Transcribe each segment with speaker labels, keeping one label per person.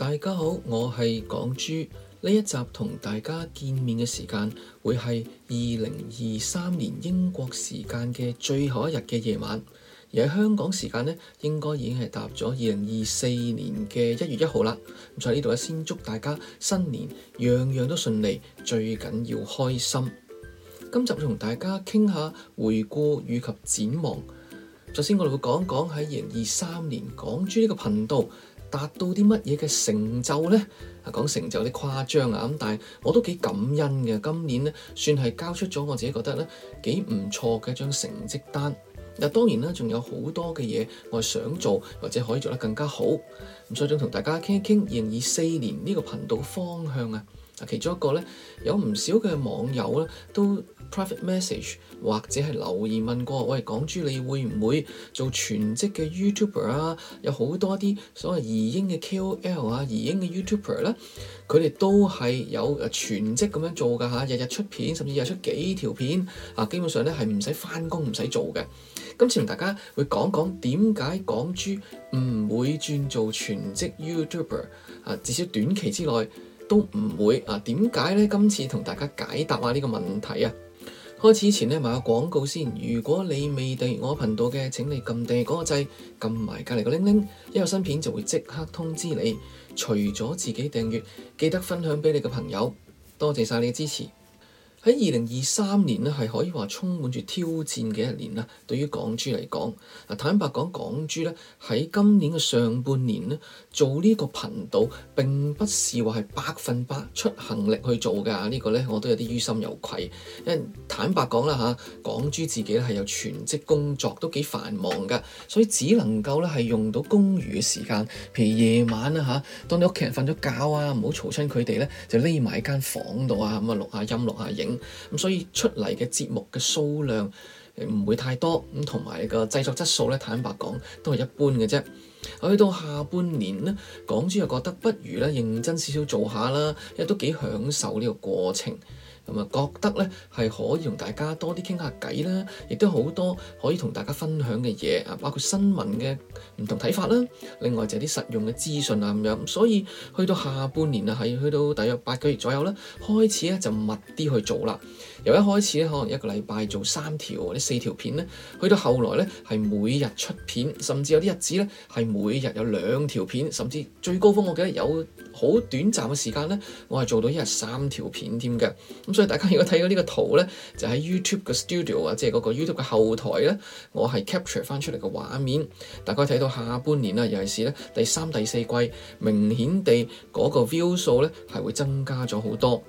Speaker 1: 大家好，我係港豬。呢一集同大家見面嘅時間會係二零二三年英國時間嘅最後一日嘅夜晚，而喺香港時間咧，應該已經係踏入咗二零二四年嘅一月一號啦。咁在呢度，先祝大家新年樣樣都順利，最緊要開心。今集就同大家傾下回顧以及展望。首先，我哋會講講喺二零二三年港豬呢個頻道。達到啲乜嘢嘅成就呢？啊，講成就有啲誇張啊，咁但係我都幾感恩嘅。今年咧，算係交出咗我自己覺得咧幾唔錯嘅一張成績單。嗱，當然呢，仲有好多嘅嘢我想做，或者可以做得更加好。咁所以想同大家傾一傾二零二四年呢個頻道方向啊。其中一個咧，有唔少嘅網友咧都 private message 或者係留言問過，喂港豬，你會唔會做全職嘅 YouTuber 啊？有好多啲所謂移英嘅 KOL 啊，移英嘅 YouTuber 咧，佢哋都係有全職咁樣做㗎嚇、啊，日日出片，甚至日出幾條片啊，基本上咧係唔使返工，唔使做嘅。今次同大家會講講點解港豬唔會轉做全職 YouTuber 啊，至少短期之內。都唔會啊，點解呢？今次同大家解答下呢個問題啊！開始前呢，賣個廣告先。如果你未訂閱我頻道嘅，請你撳訂閱嗰個掣，撳埋隔籬個鈴鈴，一有新片就會即刻通知你。除咗自己訂閱，記得分享俾你嘅朋友。多謝晒你嘅支持。喺二零二三年咧，係可以話充滿住挑戰嘅一年啦。對於港豬嚟講，嗱坦白講，港豬咧喺今年嘅上半年咧，做呢個頻道並不是話係百分百出行力去做㗎。這個、呢個咧，我都有啲於心有愧。因為坦白講啦嚇，港豬自己咧係有全職工作，都幾繁忙㗎，所以只能夠咧係用到工餘嘅時間，譬如夜晚啦嚇，當你屋企人瞓咗覺啊，唔好嘈親佢哋咧，就匿埋喺間房度啊咁啊錄下音錄下錄下錄下，錄下影。咁所以出嚟嘅節目嘅數量唔會太多，咁同埋個製作質素咧，坦白講都係一般嘅啫。去到下半年咧，港豬又覺得不如咧認真少少做下啦，因為都幾享受呢個過程。咁覺得呢係可以同大家多啲傾下偈啦，亦都好多可以同大家分享嘅嘢啊，包括新聞嘅唔同睇法啦。另外就係啲實用嘅資訊啊咁樣。所以去到下半年啊，係去到大約八個月左右呢，開始呢就密啲去做啦。由一開始呢，可能一個禮拜做三條或者四條片呢；去到後來呢，係每日出片，甚至有啲日子呢，係每日有兩條片，甚至最高峰我記得有好短暫嘅時間呢，我係做到一日三條片添嘅。嗯。所以大家如果睇到呢個圖呢，就喺 YouTube 嘅 studio 啊，即係嗰個 YouTube 嘅後台呢，我係 capture 翻出嚟嘅畫面。大家睇到下半年啦，尤其是呢第三、第四季，明顯地嗰個 view 數呢係會增加咗好多。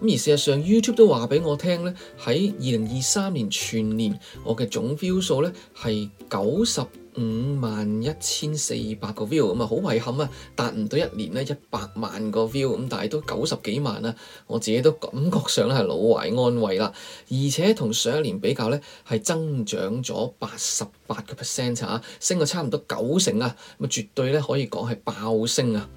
Speaker 1: 咁而事實上 YouTube 都話俾我聽呢，喺二零二三年全年我嘅總 view 數呢係九十五萬一千四百個 view 咁啊，好遺憾啊，達唔到一年呢一百萬個 view，咁但係都九十幾萬啊，我自己都感覺上咧係老懷安慰啦。而且同上一年比較呢，係增長咗八十八個 percent 啊，升咗差唔多九成啊，咁啊絕對呢可以講係爆升啊！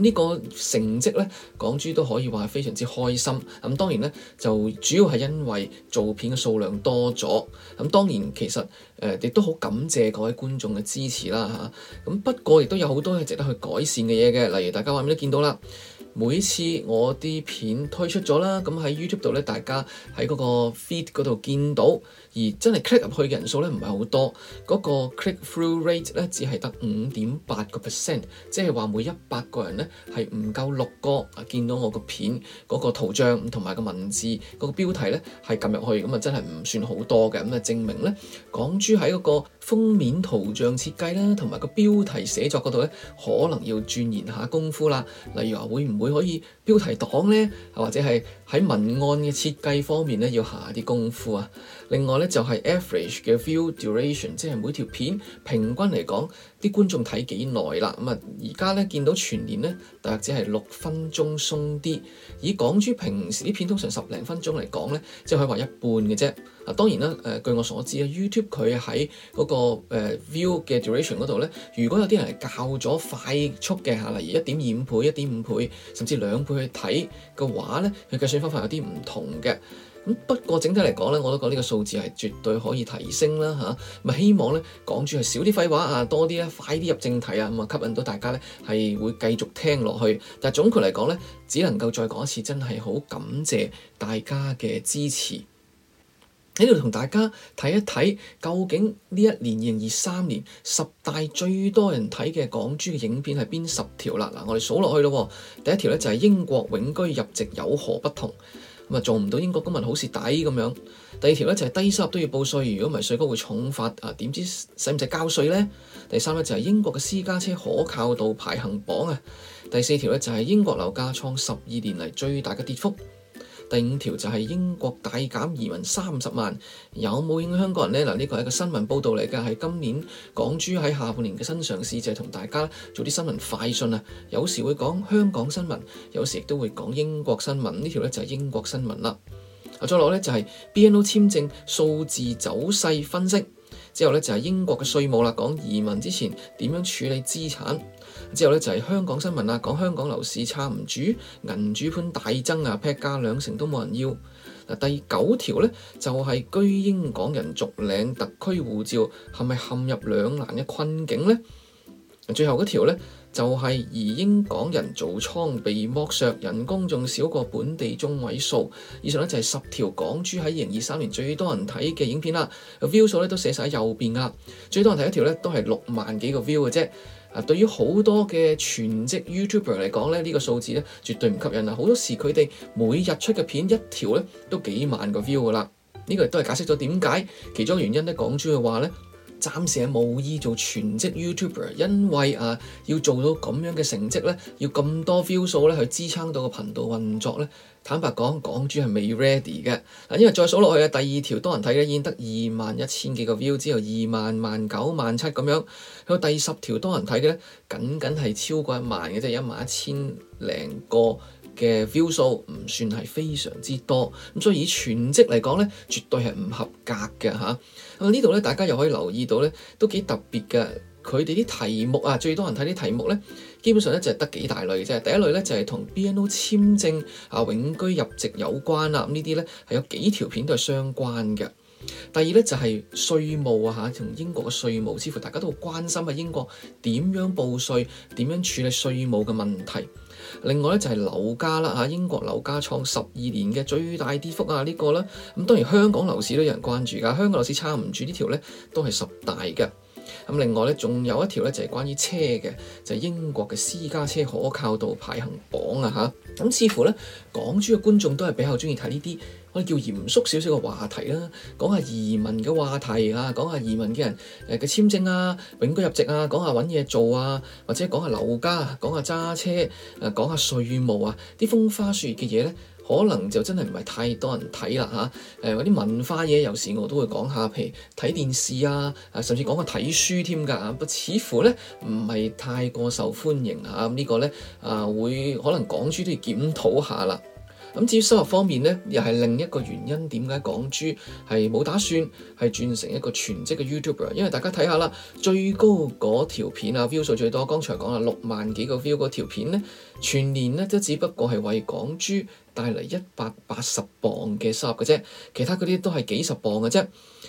Speaker 1: 呢個成績呢，港豬都可以話係非常之開心。咁當然呢，就主要係因為做片嘅數量多咗。咁當然其實誒亦、呃、都好感謝各位觀眾嘅支持啦嚇。咁、啊、不過亦都有好多係值得去改善嘅嘢嘅，例如大家畫面都見到啦。每次我啲片推出咗啦，咁喺 YouTube 度咧，大家喺嗰個 feed 嗰度見到，而真係 click 入去嘅人數咧唔係好多，嗰個 click through rate 咧只係得五點八個 percent，即係話每一百個人呢，係唔夠六個啊見到我個片嗰個圖像同埋個文字嗰個標題咧係撳入去咁啊，真係唔算好多嘅咁啊，證明呢，港豬喺嗰個。封面圖像設計啦，同埋個標題寫作嗰度咧，可能要鑽研下功夫啦。例如話，會唔會可以標題黨咧，或者係喺文案嘅設計方面咧，要下啲功夫啊？另外咧，就係 average 嘅 view duration，即係每條片平均嚟講。啲觀眾睇幾耐啦咁啊！而家咧見到全年咧，大約只係六分鐘鬆啲。以港豬平時啲片通常十零分鐘嚟講咧，即係可以話一半嘅啫。啊，當然啦，誒、呃、據我所知啊 YouTube 佢喺嗰、嗰個、呃、view 嘅 duration 嗰度咧，如果有啲人較咗快速嘅嚇，例如一點二五倍、一點五倍，甚至兩倍去睇嘅話咧，佢計算方法有啲唔同嘅。不過整體嚟講呢我都覺得呢個數字係絕對可以提升啦嚇、啊。希望呢港豬係少啲廢話啊，多啲快啲入正題啊，咁啊吸引到大家咧係會繼續聽落去。但總括嚟講呢只能夠再講一次，真係好感謝大家嘅支持。喺度同大家睇一睇，究竟呢一年二零二三年十大最多人睇嘅港豬嘅影片係邊十條啦？嗱，我哋數落去咯。第一條咧就係英國永居入籍有何不同？做唔到英國公民好蝕底咁樣。第二條咧就係低收入都要報稅，如果唔係稅局會重罰啊，點知使唔使交稅呢？第三條咧就係英國嘅私家車可靠度排行榜啊。第四條咧就係英國樓價創十二年嚟最大嘅跌幅。第五條就係英國大減移民三十萬，有冇影響香港人呢？嗱，呢個係一個新聞報道嚟噶，係今年港豬喺下半年嘅新嘗試就係同大家做啲新聞快訊啊。有時會講香港新聞，有時亦都會講英國新聞。呢條咧就係英國新聞啦。再落咧就係 B N O 簽證數字走勢分析。之後呢，就係英國嘅稅務啦，講移民之前點樣處理資產。之後呢，就係香港新聞啦，講香港樓市撐唔住，銀主盤大增啊，劈價兩成都冇人要。嗱，第九條呢，就係居英港人續領特區護照係咪陷入兩難嘅困境呢？最後嗰條呢，就係而英港人做倉被剝削，人工仲少過本地中位數。以上，呢就係十條港珠喺二零二三年最多人睇嘅影片啦。個 view 數咧都寫晒喺右邊噶。最多人睇一條咧都係六萬幾個 view 嘅啫。啊，對於好多嘅全職 YouTuber 嚟講咧，呢個數字咧絕對唔吸引啊！好多時佢哋每日出嘅片一條咧都幾萬個 view 噶啦。呢個亦都係解釋咗點解其中原因咧。港珠嘅話咧，暫時係無意做全職 YouTuber，因為啊要做到咁樣嘅成績咧，要咁多 view 數咧去支撐到個頻道運作咧。坦白講，港豬係未 ready 嘅。嗱，因為再數落去啊，第二條多人睇嘅已經得二萬一千幾個 view，之後二萬萬九萬七咁樣。有第十條多人睇嘅咧，僅僅係超過一萬嘅啫，一萬一千零個。嘅 view 數唔算係非常之多，咁所以以全職嚟講咧，絕對係唔合格嘅吓，咁、啊、呢度咧，大家又可以留意到咧，都幾特別嘅。佢哋啲題目啊，最多人睇啲題目咧，基本上咧就係得幾大類嘅啫。第一類咧就係、是、同 BNO 簽證啊、永居入籍有關啦。咁、啊、呢啲咧係有幾條片都係相關嘅。第二咧就係、是、稅務啊吓，同英國嘅稅務，似乎大家都好關心啊。英國點樣報稅、點樣處理稅務嘅問題。另外咧就係樓價啦嚇，英國樓價創十二年嘅最大跌幅啊、這、呢個啦，咁當然香港樓市都有人關注㗎，香港樓市撐唔住呢條呢，都係十大嘅。另外咧，仲有一條咧，就係關於車嘅，就係、英國嘅私家車可靠度排行榜啊！嚇，咁似乎呢，港豬嘅觀眾都係比較鍾意睇呢啲，我哋叫嚴肅少少嘅話題啦，講下移民嘅話題啊，講下移民嘅人誒嘅簽證啊、永居入籍啊，講下揾嘢做啊，或者講下樓價、講下揸車、誒講下稅務啊，啲風花雪月嘅嘢咧。可能就真係唔係太多人睇啦嚇，誒嗰啲文化嘢有時我都會講下，譬如睇電視啊，啊甚至講個睇書添㗎，不過似乎咧唔係太過受歡迎嚇，啊這個、呢個咧啊會可能港豬都要檢討下啦。咁、啊、至於收入方面咧，又係另一個原因點解港豬係冇打算係轉成一個全職嘅 YouTuber，因為大家睇下啦，最高嗰條片啊，view 數最多，剛才講啦六萬幾個 view 嗰條片咧，全年咧都只不過係為港豬。帶嚟一百八十磅嘅收入嘅啫，其他嗰啲都係幾十磅嘅啫。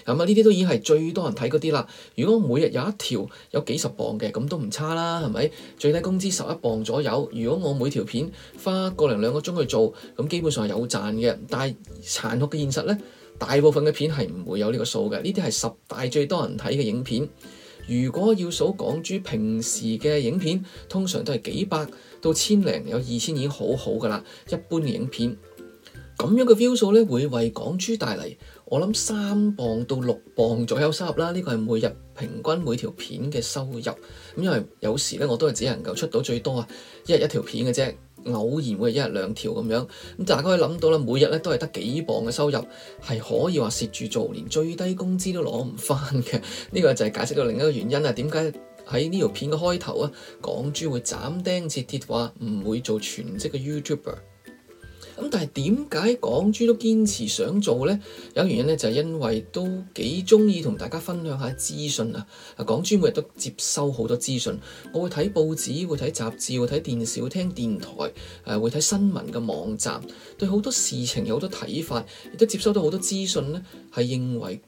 Speaker 1: 咁啊，呢啲都已經係最多人睇嗰啲啦。如果每日有一條有幾十磅嘅，咁都唔差啦，係咪？最低工資十一磅左右。如果我每條片花個零兩個鐘去做，咁基本上係有賺嘅。但係殘酷嘅現實呢，大部分嘅片係唔會有呢個數嘅。呢啲係十大最多人睇嘅影片。如果要數港豬平時嘅影片，通常都係幾百到千零，有二千已經好好㗎喇。一般嘅影片咁樣嘅 view 數會為港豬帶嚟我諗三磅到六磅左右收入啦。呢個係每日平均每條片嘅收入。因為有時我都係只能夠出到最多一日一條片嘅啫。偶然會一日兩條咁樣，大家可以諗到每日都係得幾磅嘅收入，係可以話蝕住做，連最低工資都攞唔返嘅。呢、這個就係解釋到另一個原因啊，點解喺呢條片嘅開頭啊，港豬會斬釘截鐵話唔會做全職嘅 YouTuber。咁但係點解港豬都堅持想做呢？有原因咧，就係因為都幾鍾意同大家分享一下資訊啊！港豬每日都接收好多資訊，我會睇報紙，會睇雜誌，會睇電,電視，會聽電台，誒、啊、會睇新聞嘅網站，對好多事情有好多睇法，亦都接收到好多資訊呢，係認為。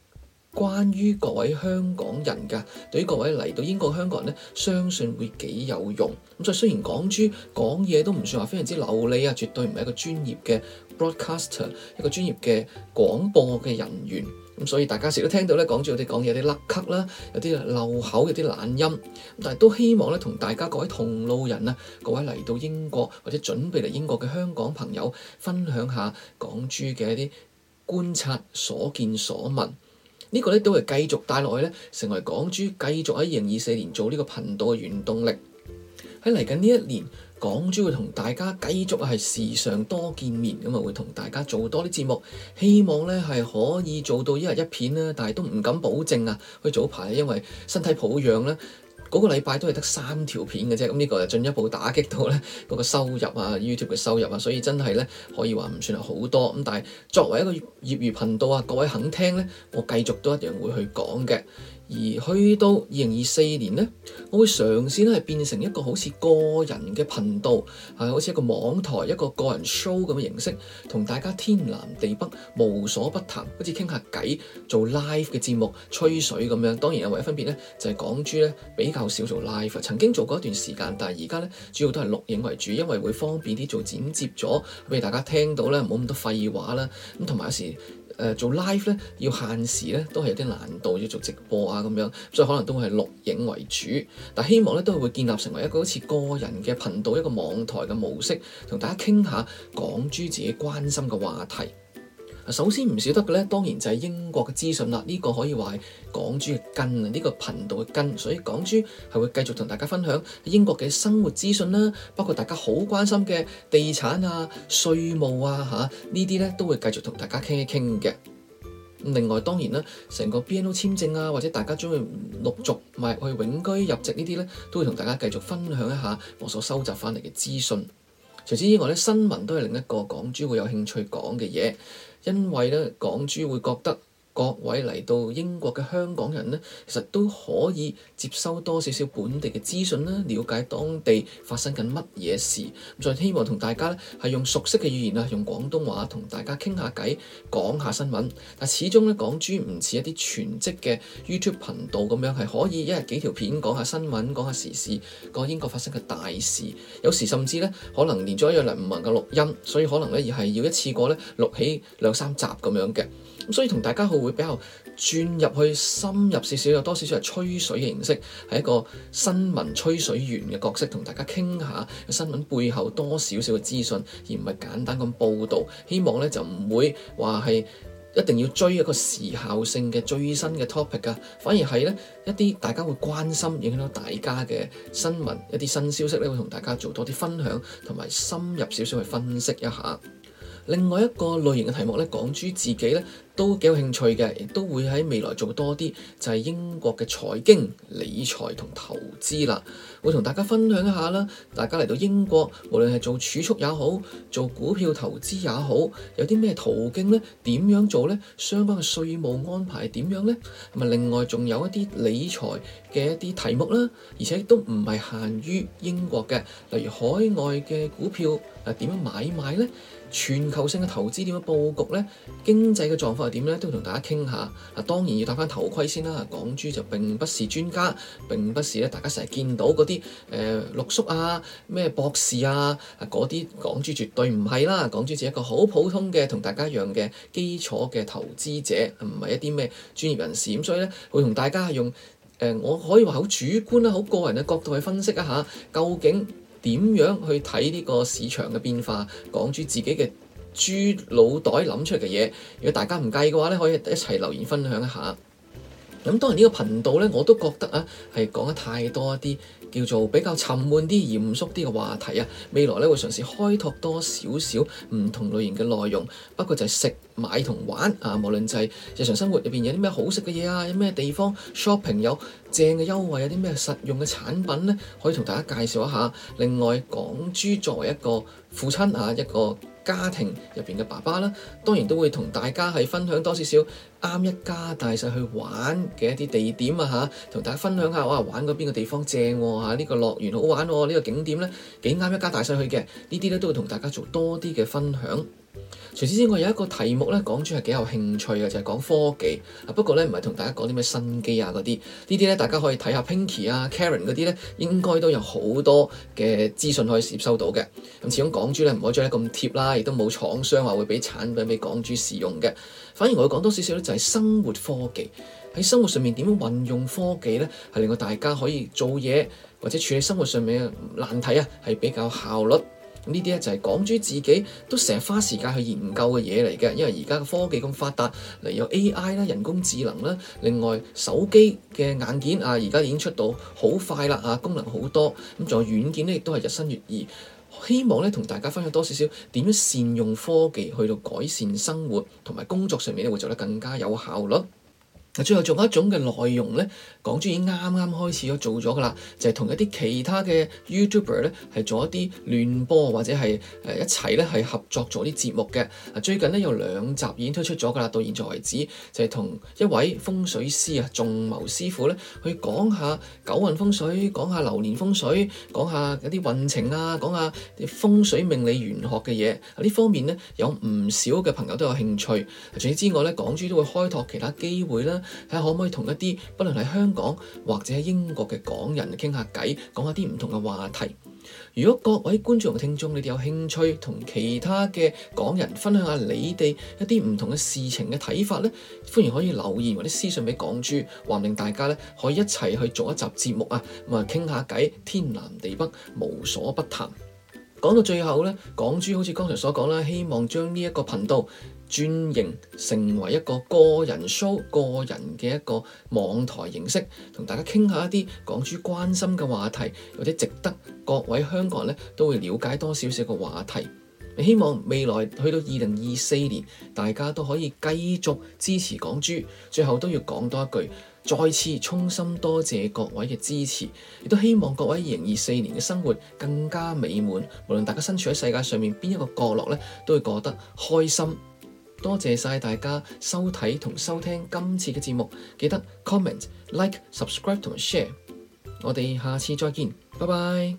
Speaker 1: 關於各位香港人㗎，對於各位嚟到英國嘅香港人呢，相信會幾有用。咁所以雖然港豬講嘢都唔算話非常之流利啊，絕對唔係一個專業嘅 Broadcaster，一個專業嘅廣播嘅人員。咁所以大家成日都聽到咧，港豬我哋講嘢有啲甩咳啦，有啲漏口，有啲懶音。咁但係都希望咧，同大家各位同路人啊，各位嚟到英國或者準備嚟英國嘅香港朋友，分享下港豬嘅一啲觀察、所見所聞、所聞。個呢個咧都係繼續帶落去咧，成為港豬繼續喺二零二四年做呢個頻道嘅原動力。喺嚟緊呢一年，港豬會同大家繼續係時常多見面，咁啊會同大家做多啲節目，希望咧係可以做到一日一片啦。但係都唔敢保證啊。佢早排因為身體抱恙咧。嗰個禮拜都係得三條片嘅啫，咁呢個就進一步打擊到咧嗰個收入啊，YouTube 嘅收入啊，所以真係咧可以話唔算係好多咁。但係作為一個業餘頻道啊，各位肯聽呢，我繼續都一樣會去講嘅。而去到二零二四年呢，我會嘗試咧係變成一個好似個人嘅頻道，係、啊、好似一個網台、一個個人 show 咁嘅形式，同大家天南地北，無所不談，好似傾下偈做 live 嘅節目吹水咁樣。當然有唯一分別呢，就係、是、港豬咧比較少做 live，曾經做過一段時間，但係而家咧主要都係錄影為主，因為會方便啲做剪接咗俾大家聽到咧，冇咁多廢話啦。咁同埋有時。呃、做 live 呢要限時呢都係有啲難度。要做直播啊咁樣，所以可能都係錄影為主。但希望呢都係會建立成為一個好似個人嘅頻道，一個網台嘅模式，同大家傾下講諸自己關心嘅話題。首先唔少得嘅呢，當然就係英國嘅資訊啦。呢個可以話係港豬嘅根啊，呢個頻道嘅根。所以港豬係會繼續同大家分享英國嘅生活資訊啦，包括大家好關心嘅地產啊、稅務啊嚇呢啲呢，都會繼續同大家傾一傾嘅。另外當然啦，成個 BNO 簽證啊，或者大家將會陸續埋去永居入籍呢啲呢，都會同大家繼續分享一下我所收集翻嚟嘅資訊。除此之外咧，新聞都係另一個港豬會有興趣講嘅嘢。因為咧，港豬會覺得。各位嚟到英國嘅香港人呢，其實都可以接收多少少本地嘅資訊啦，了解當地發生緊乜嘢事。咁再希望同大家呢係用熟悉嘅語言啊，用廣東話同大家傾下偈，講下新聞。但始終呢，港豬唔似一啲全職嘅 YouTube 頻道咁樣，係可以一日幾條片講下新聞，講下時事，講英國發生嘅大事。有時甚至呢，可能連咗一樣嚟唔能夠錄音，所以可能呢，而係要一次過呢，錄起兩三集咁樣嘅。咁所以同大家好會比較轉入去深入少少，有多少少係吹水嘅形式，係一個新聞吹水員嘅角色，同大家傾下新聞背後多少少嘅資訊，而唔係簡單咁報道，希望咧就唔會話，係一定要追一個時效性嘅最新嘅 topic 啊，反而係咧一啲大家會關心、影響到大家嘅新聞一啲新消息咧，會同大家做多啲分享同埋深入少少去分析一下。另外一個類型嘅題目咧，港豬自己咧，都幾有興趣嘅，亦都會喺未來做多啲，就係英國嘅財經理財同投資啦。會同大家分享一下啦，大家嚟到英國，無論係做儲蓄也好，做股票投資也好，有啲咩途徑咧？點樣做咧？相關嘅稅務安排點樣咧？同埋另外仲有一啲理財嘅一啲題目啦，而且都唔係限於英國嘅，例如海外嘅股票啊，點樣買賣咧？全球性嘅投資點樣布局咧？經濟嘅狀況。點咧，都同大家傾下。啊，當然要戴翻頭盔先啦。港豬就並不是專家，並不是咧，大家成日見到嗰啲誒，六叔啊，咩博士啊，嗰啲港豬絕對唔係啦。港豬只係一個好普通嘅，同大家一樣嘅基礎嘅投資者，唔係一啲咩專業人士。咁所以咧，會同大家用誒、呃，我可以話好主觀啦，好個人嘅角度去分析一下，究竟點樣去睇呢個市場嘅變化。港豬自己嘅。豬腦袋諗出嚟嘅嘢，如果大家唔介意嘅話咧，可以一齊留言分享一下。咁當然呢個頻道咧，我都覺得啊，係講得太多一啲叫做比較沉悶啲、嚴肅啲嘅話題啊。未來咧會嘗試開拓多少少唔同類型嘅內容。不過就係食、買同玩啊，無論就係日常生活入邊有啲咩好食嘅嘢啊，有咩地方 shopping 有正嘅優惠，有啲咩實用嘅產品咧，可以同大家介紹一下。另外，港豬作為一個父親啊，一個。家庭入邊嘅爸爸啦，當然都會同大家係分享多少少啱一家大細去玩嘅一啲地點啊嚇，同大家分享下我話玩嗰邊個地方正喎嚇，呢個樂園好玩喎，呢個景點咧幾啱一家大細去嘅，呢啲咧都會同大家做多啲嘅分享。除此之外，有一個題目咧，港豬係幾有興趣嘅，就係講科技。不過咧，唔係同大家講啲咩新機啊嗰啲，呢啲咧大家可以睇下 Pinky 啊、Karen 嗰啲咧，應該都有好多嘅資訊可以接收到嘅。咁始終港豬咧唔可以講得咁貼啦，亦都冇廠商話會俾產品俾港豬試用嘅。反而我要講多少少咧，就係生活科技喺生活上面點樣運用科技咧，係令到大家可以做嘢或者處理生活上面嘅難題啊，係比較效率。呢啲就係港豬自己都成日花時間去研究嘅嘢嚟嘅，因為而家嘅科技咁發達，嚟有 AI 啦、人工智能啦，另外手機嘅硬件啊，而家已經出到好快啦，功能好多，咁仲有軟件咧亦都係日新月異，希望咧同大家分享多少少點樣善用科技去到改善生活同埋工作上面咧會做得更加有效率。最後仲有一種嘅內容呢，港豬已經啱啱開始咗做咗噶啦，就係同一啲其他嘅 YouTuber 呢，係做一啲聯播或者係誒一齊呢係合作做啲節目嘅。嗱，最近呢，有兩集已經推出咗噶啦，到現在為止就係同一位風水師啊，仲謀師傅呢，去講下九運風水，講下流年風水，講下一啲運程啊，講下風水命理玄學嘅嘢。呢方面呢，有唔少嘅朋友都有興趣。除此之外呢，港豬都會開拓其他機會啦。睇可唔可以同一啲，不論喺香港或者喺英國嘅港人傾下偈，講下啲唔同嘅話題。如果各位觀眾同聽眾你哋有興趣，同其他嘅港人分享下你哋一啲唔同嘅事情嘅睇法呢，歡迎可以留言或者私信俾港豬，話唔定大家咧可以一齊去做一集節目啊，咁啊傾下偈，天南地北，無所不談。講到最後呢，港豬好似剛才所講啦，希望將呢一個頻道。轉型成為一個個人 show、個人嘅一個網台形式，同大家傾下一啲港豬關心嘅話題，或者值得各位香港人呢都會了解多少少嘅話題。希望未來去到二零二四年，大家都可以繼續支持港豬。最後都要講多一句，再次衷心多謝各位嘅支持，亦都希望各位二零二四年嘅生活更加美滿。無論大家身處喺世界上面邊一個角落呢，都會過得開心。多謝晒大家收睇同收聽今次嘅節目，記得 comment、like、subscribe 同 share。我哋下次再見，拜拜。